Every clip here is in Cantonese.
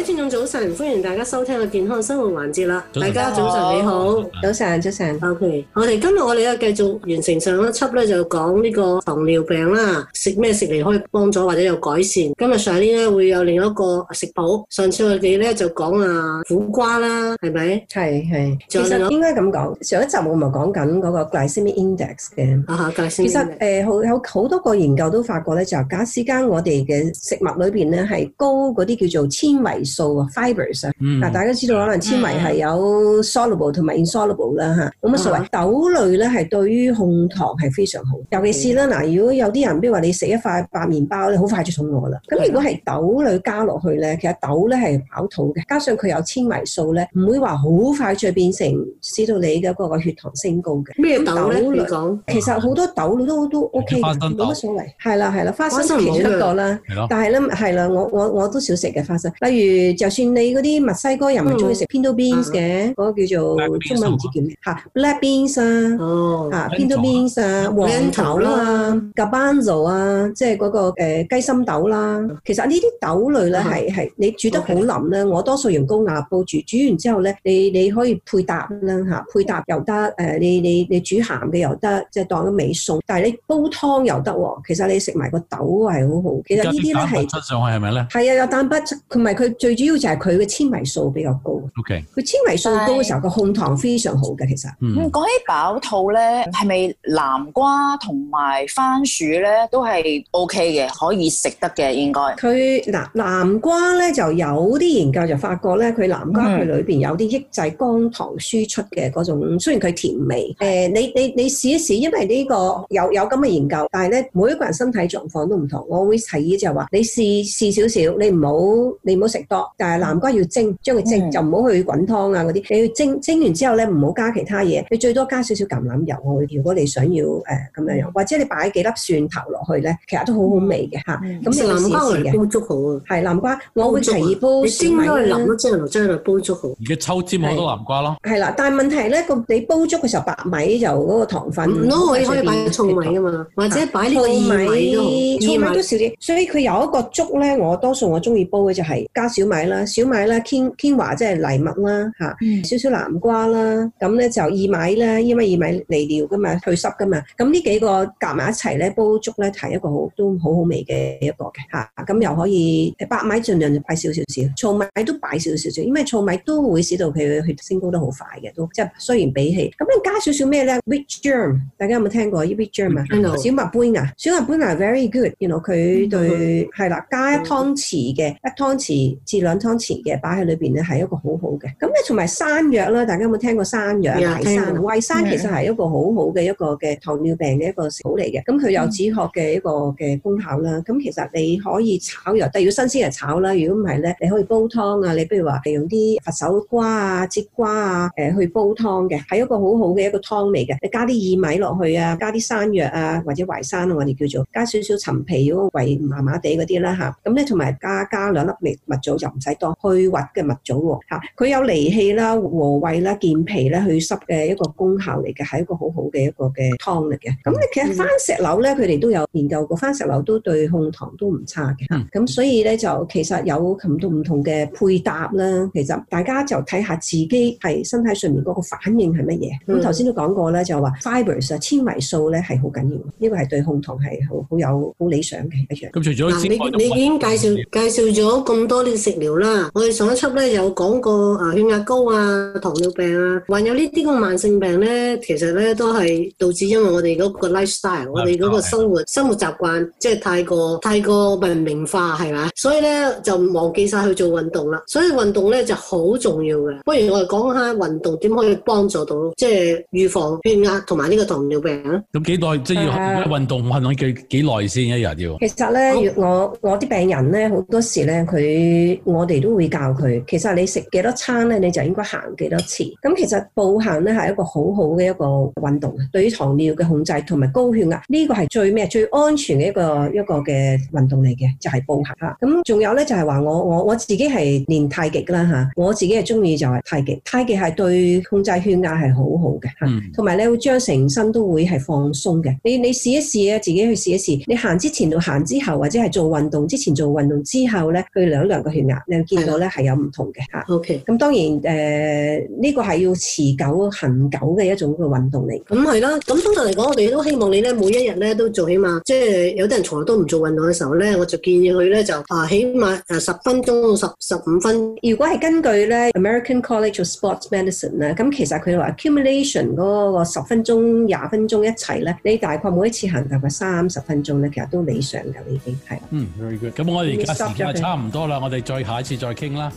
各位觀眾早晨，歡迎大家收聽個健康生活環節啦！上大家早晨上你好，早晨早晨，OK。我哋今日我哋又繼續完成上一輯咧，就講呢個糖尿病啦，食咩食嚟可以幫助或者有改善。今日上年咧會有另一個食譜，上次我哋咧就講啊苦瓜啦，係咪？係係。其實應該咁講，上一集我咪講緊嗰個 glycemic index 嘅。啊吓其實誒，有、呃、有好,好多個研究都發覺咧，就假使間我哋嘅食物裏邊咧係高嗰啲叫做纖維。數啊，fibers 啊，嗱、嗯、大家知道可能纖維係有 soluble 同埋 insoluble 啦嚇、嗯，冇乜所謂。豆類咧係對於控糖係非常好，尤其是啦。嗱、嗯，如果有啲人比如話你食一塊白麵包咧，好快就肚餓啦。咁如果係豆類加落去咧，其實豆咧係飽肚嘅，加上佢有纖維素咧，唔會話好快就變成使到你嘅嗰個血糖升高嘅。咩豆咧？可以講，其實好多豆都都 O K，冇乜所謂。係啦係啦，花生算一個啦，但係咧係啦，我我我都少食嘅花生，例如。就算你嗰啲墨西哥人唔係中意食 pinto beans 嘅，嗰個叫做中文唔知叫咩吓 black beans 啊，吓 pinto beans 啊，黃豆啊，garbanzo 啊，即係嗰個誒雞心豆啦。其實呢啲豆類咧係係你煮得好腍咧，我多數用高壓煲煮，煮完之後咧，你你可以配搭啦吓，配搭又得誒，你你你煮鹹嘅又得，即係當咗味餸。但係你煲湯又得喎，其實你食埋個豆係好好。其實呢啲咧係出上去係咪咧？係啊，有蛋白，同埋佢最主要就係佢嘅纖維素比較高，佢纖維素高嘅時候，個控糖非常好嘅。其實，嗯，講起飽肚咧，係咪南瓜同埋番薯咧都係 OK 嘅，可以食得嘅應該。佢嗱南瓜咧就有啲研究就發覺咧，佢南瓜佢裏邊有啲抑制肝糖輸出嘅嗰種，雖然佢甜味，誒、嗯呃，你你你試一試，因為呢個有有咁嘅研究，但係咧每一個人身體狀況都唔同，我會提議就係話你試試少少，你唔好你唔好食。但係南瓜要蒸，將佢蒸就唔好去滾湯啊嗰啲，你要蒸蒸完之後咧，唔好加其他嘢，你最多加少少橄欖油喎。如果你想要誒咁樣樣，或者你擺幾粒蒜頭落去咧，其實都好好味嘅嚇。咁你南瓜嚟煲粥好喎。係南瓜，我會隨意煲先米啦，將佢淋咗醬將佢煲粥好。而家秋天好多南瓜咯。係啦，但係問題咧，個你煲粥嘅時候，白米就嗰個糖粉，唔好，我可以擺粟米啊嘛，或者擺啲薏米，薏米都少啲，所以佢有一個粥咧，我多數我中意煲嘅就係加。小米啦，小米啦，堅堅華即係藜麥啦，少少、嗯、南瓜啦，咁咧就薏米啦，因為薏米利尿嘅嘛，去濕㗎嘛，咁呢幾個夾埋一齊咧煲粥咧係一個都好都好好味嘅一個嘅嚇，咁又可以白米盡量就擺少少少，糙米都擺少少少因為糙米都會使到佢血升高得好快嘅，都即係雖然比起咁加少少咩咧？Wheat germ，大家有冇聽過呢？Wheat germ 啊，小麥胚芽，小麥胚芽 very good，原來佢對係啦、mm hmm.，加一湯匙嘅一湯匙。至兩湯匙嘅擺喺裏邊咧，係一個好好嘅。咁咧同埋山藥啦，大家有冇聽過山藥、淮山、淮山其實係一個好好嘅一個嘅糖尿病嘅一個食譜嚟嘅。咁佢有止渴嘅一個嘅功效啦。咁、嗯、其實你可以炒藥，特別要新鮮嚟炒啦。如果唔係咧，你可以煲湯啊。你不如話用啲佛手瓜啊、節瓜啊，誒去煲湯嘅，係一個好好嘅一個湯嚟嘅。你加啲薏米落去啊，加啲山藥啊，或者淮山啊，我哋叫做加少少陳皮，如果胃麻麻地嗰啲啦吓，咁咧同埋加加兩粒蜜蜜棗。就唔使多去核嘅物組喎吓，佢有利氣啦、和胃啦、健脾啦、去濕嘅一個功效嚟嘅，係一個好好嘅一個嘅湯嚟嘅。咁你、嗯、其實番石榴咧，佢哋都有研究過，番石榴都對控糖都唔差嘅。咁、嗯、所以咧，就其實有咁多唔同嘅配搭啦。其實大家就睇下自己係身體上面嗰個反應係乜嘢。咁頭先都講過咧，就話 fibers 啊，ers, 纖維素咧係好緊要，呢個係對控糖係好好有好理想嘅一樣。咁除咗你你已經介紹介紹咗咁多食療啦，我哋上一輯咧有講過啊，血壓高啊，糖尿病啊，還有呢啲咁嘅慢性病咧，其實咧都係導致因為我哋嗰個 lifestyle，、啊、我哋嗰個生活的生活習慣即係太過太過文明化係嘛，所以咧就唔忘記晒去做運動啦，所以運動咧就好重要嘅。不如我哋講下運動點可以幫助到，即係預防血壓同埋呢個糖尿病啊？咁幾耐即係要運動運動幾幾耐先一日要？其實咧好，我我啲病人咧好多時咧佢。我哋都會教佢，其實你食幾多餐咧，你就應該行幾多次。咁其實步行咧係一個好好嘅一個運動，對於糖尿嘅控制同埋高血壓，呢個係最咩最安全嘅一個一個嘅運動嚟嘅，就係步行嚇。咁仲有咧就係話我我我自己係練太極啦嚇，我自己係中意就係太極，太極係對控制血壓係好好嘅嚇，同埋咧會將成身都會係放鬆嘅。你你試一試啊，自己去試一試。你行之前同行之後，或者係做運動之前做運動之後咧，去量一量個血。你見到咧係有唔同嘅嚇，OK。咁當然誒，呢個係要持久恒久嘅一種嘅運動嚟。咁係啦。咁通常嚟講，我哋都希望你咧，每一日咧都做起碼，即係有啲人從來都唔做運動嘅時候咧，我就建議佢咧就啊，起碼誒十分鐘到十十五分。如果係根據咧 American College of Sports Medicine 咧，咁其實佢話 accumulation 嗰個十分鐘、廿分鐘一齊咧，你大概每一次行大概三十分鐘咧，其實都理想就已經係。嗯咁、mm, very good. 我而家時間差唔多啦，我哋再。下一次再傾啦。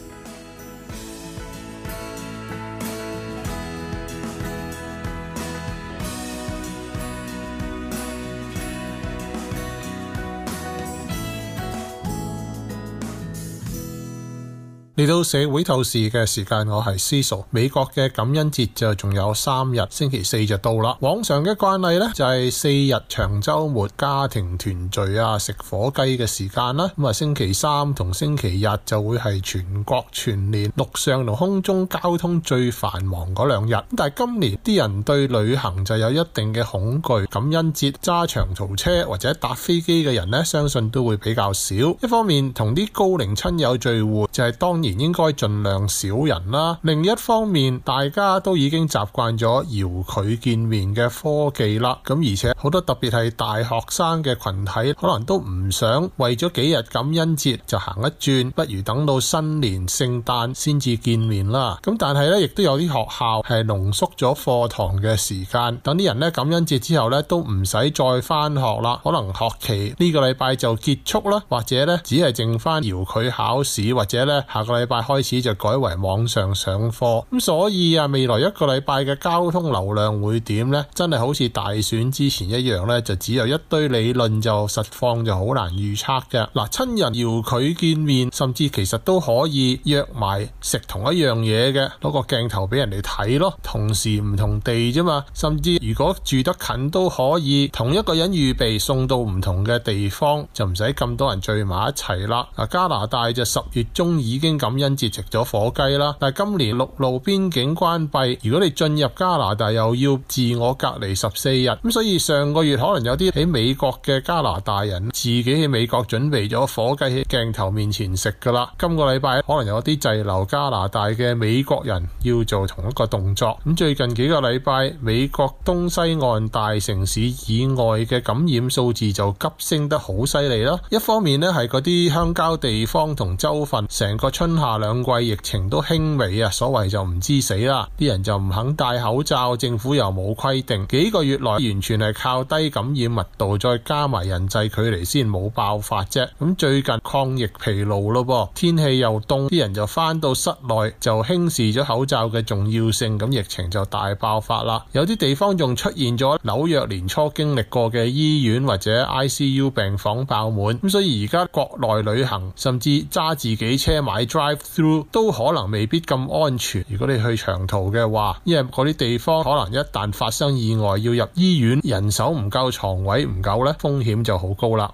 嚟到社會透視嘅時間，我係思熟。美國嘅感恩節就仲有三日，星期四就到啦。往常嘅慣例呢，就係、是、四日長週末，家庭團聚啊，食火雞嘅時間啦。咁啊，星期三同星期日就會係全國全年陸上同空中交通最繁忙嗰兩日。但係今年啲人對旅行就有一定嘅恐懼，感恩節揸長途車或者搭飛機嘅人呢，相信都會比較少。一方面同啲高齡親友聚會，就係、是、當然。應該盡量少人啦。另一方面，大家都已經習慣咗遙距見面嘅科技啦。咁而且好多特別係大學生嘅群體，可能都唔想為咗幾日感恩節就行一轉，不如等到新年聖誕先至見面啦。咁但係咧，亦都有啲學校係濃縮咗課堂嘅時間，等啲人咧感恩節之後咧都唔使再返學啦。可能學期呢、呢個禮拜就結束啦，或者咧只係剩返遙距考試，或者咧下個禮。禮拜開始就改為網上上課，咁所以啊，未來一個禮拜嘅交通流量會點呢？真係好似大選之前一樣咧，就只有一堆理論就實況就好難預測嘅。嗱、啊，親人遙距見面，甚至其實都可以約埋食同一樣嘢嘅，攞個鏡頭俾人哋睇咯。同時唔同地啫嘛，甚至如果住得近都可以，同一個人預備送到唔同嘅地方，就唔使咁多人聚埋一齊啦。嗱、啊，加拿大就十月中已經咁。感恩節食咗火雞啦，但係今年陸路邊境關閉，如果你進入加拿大又要自我隔離十四日，咁所以上個月可能有啲喺美國嘅加拿大人自己喺美國準備咗火雞喺鏡頭面前食噶啦，今個禮拜可能有啲滯留加拿大嘅美國人要做同一個動作，咁最近幾個禮拜美國東西岸大城市以外嘅感染數字就急升得好犀利啦，一方面呢，係嗰啲鄉郊地方同州份，成個春。春夏兩季疫情都輕微啊，所謂就唔知死啦，啲人就唔肯戴口罩，政府又冇規定，幾個月內完全係靠低感染密度，再加埋人際距離先冇爆發啫。咁最近抗疫疲勞咯，天氣又凍，啲人就翻到室內就輕視咗口罩嘅重要性，咁疫情就大爆發啦。有啲地方仲出現咗紐約年初經歷過嘅醫院或者 ICU 病房爆滿，咁所以而家國內旅行甚至揸自己車買 d Drive through 都可能未必咁安全，如果你去長途嘅話，因為嗰啲地方可能一旦發生意外要入醫院，人手唔夠、床位唔夠咧，風險就好高啦。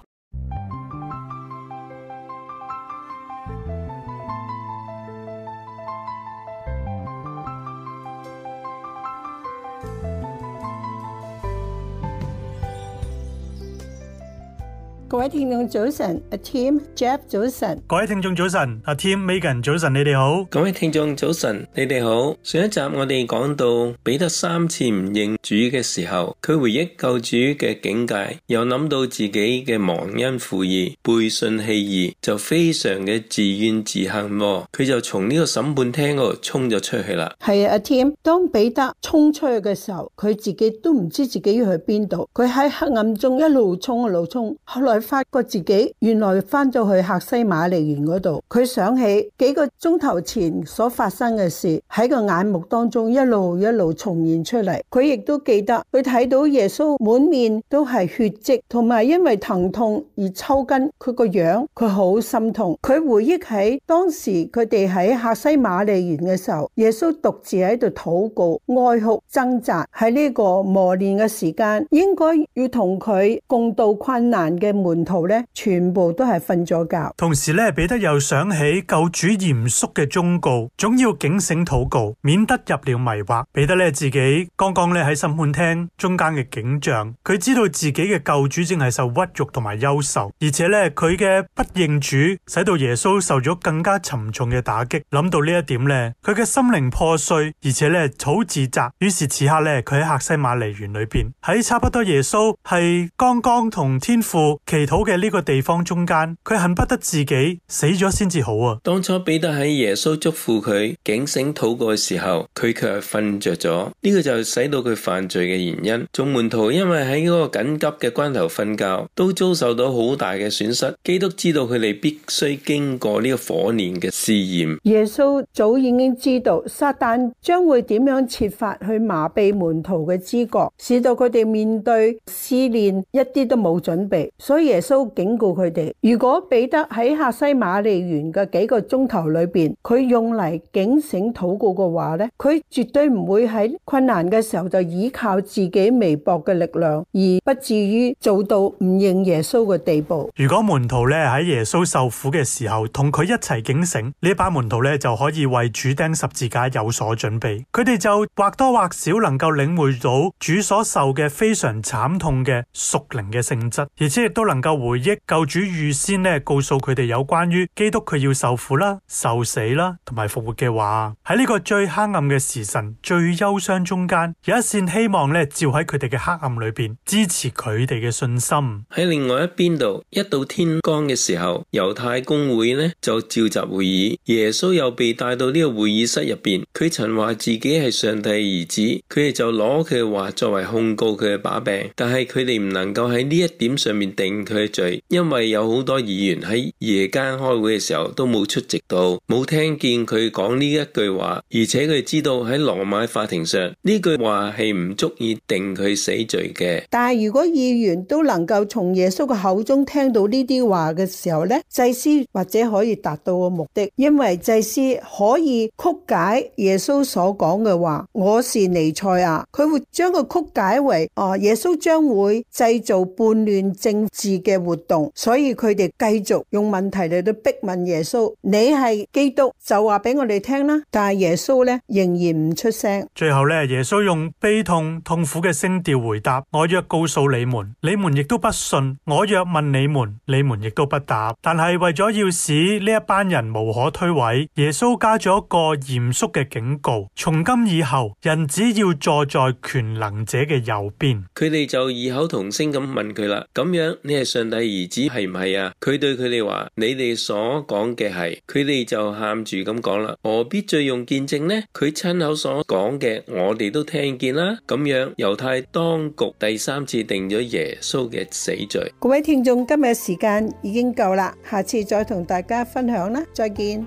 各位聽眾早晨，阿 Tim、am, Jeff 早晨，各位聽眾早晨，阿 Tim、am, Megan 早晨，你哋好，各位聽眾早晨，你哋好。上一集我哋講到彼得三次唔認主嘅時候，佢回憶救主嘅境界，又諗到自己嘅忘恩負義、背信棄義，就非常嘅自怨自恨咯、哦。佢就從呢個審判廳嗰度衝咗出去啦。係啊阿 Tim，當彼得衝出去嘅時候，佢自己都唔知自己要去邊度，佢喺黑暗中一路衝一路衝，後來。發覺自己原來翻到去客西馬尼園嗰度，佢想起幾個鐘頭前所發生嘅事，喺個眼目當中一路一路重現出嚟。佢亦都記得佢睇到耶穌滿面都係血跡，同埋因為疼痛而抽筋，佢個樣佢好心痛。佢回憶起當時佢哋喺客西馬尼園嘅時候，耶穌獨自喺度禱告、哀哭、掙扎，喺呢個磨練嘅時間，應該要同佢共度困難嘅。沿途咧，全部都係瞓咗覺。同時咧，彼得又想起救主嚴肅嘅忠告，總要警醒禱告，免得入了迷惑。彼得咧，自己剛剛咧喺審判廳中間嘅景象，佢知道自己嘅救主正係受屈辱同埋憂愁，而且咧佢嘅不認主，使到耶穌受咗更加沉重嘅打擊。諗到呢一點咧，佢嘅心靈破碎，而且咧好自責。於是此刻咧，佢喺客西馬尼園裏邊，喺差不多耶穌係剛剛同天父泥土嘅呢個地方中間，佢恨不得自己死咗先至好啊！當初彼得喺耶穌囑咐佢警醒禱告嘅時候，佢卻係瞓着咗，呢個就係使到佢犯罪嘅原因。眾門徒因為喺嗰個緊急嘅關頭瞓覺，都遭受到好大嘅損失。基督知道佢哋必須經過呢個火煉嘅試驗。耶穌早已經知道，撒旦將會點樣設法去麻痹門徒嘅知覺，使到佢哋面對試煉一啲都冇準備，所以。耶穌警告佢哋：如果彼得喺客西馬利園嘅幾個鐘頭裏邊，佢用嚟警醒禱告嘅話咧，佢絕對唔會喺困難嘅時候就倚靠自己微薄嘅力量，而不至於做到唔認耶穌嘅地步。如果門徒咧喺耶穌受苦嘅時候同佢一齊警醒，呢班門徒咧就可以為主釘十字架有所準備。佢哋就或多或少能夠領會到主所受嘅非常慘痛嘅屬靈嘅性質，而且亦都能。能夠回憶救主預先呢告訴佢哋有關於基督佢要受苦啦、受死啦同埋復活嘅話，喺呢個最黑暗嘅時辰、最憂傷中間，有一線希望呢照喺佢哋嘅黑暗裏邊，支持佢哋嘅信心。喺另外一邊度，一到天光嘅時候，猶太公會呢就召集會議，耶穌又被帶到呢個會議室入邊，佢曾話自己係上帝兒子，佢哋就攞佢嘅話作為控告佢嘅把柄，但係佢哋唔能夠喺呢一點上面定。佢嘅罪，因為有好多議員喺夜間開會嘅時候都冇出席到，冇聽見佢講呢一句話，而且佢知道喺羅馬法庭上呢句話係唔足以定佢死罪嘅。但係如果議員都能夠從耶穌嘅口中聽到呢啲話嘅時候咧，祭司或者可以達到個目的，因為祭司可以曲解耶穌所講嘅話。我是尼賽亞，佢會將佢曲解為哦，耶穌將會製造叛亂政治嘅活動，所以佢哋繼續用問題嚟到逼問耶穌。你係基督，就話俾我哋聽啦。但係耶穌咧仍然唔出聲。最後咧，耶穌用悲痛痛苦嘅聲調回答：我若告訴你們，你們亦都不信；我若問你們，你們亦都不答。但係為咗要使呢一班人無可推諉，耶穌加咗一個嚴肅嘅警告：從今以後，人只要坐在權能者嘅右邊，佢哋就異口同聲咁問佢啦。咁樣你上帝兒子係唔係啊？佢對佢哋話：你哋所講嘅係，佢哋就喊住咁講啦。何必再用見證呢？佢親口所講嘅，我哋都聽見啦。咁樣，猶太當局第三次定咗耶穌嘅死罪。各位聽眾，今日時間已經夠啦，下次再同大家分享啦，再見。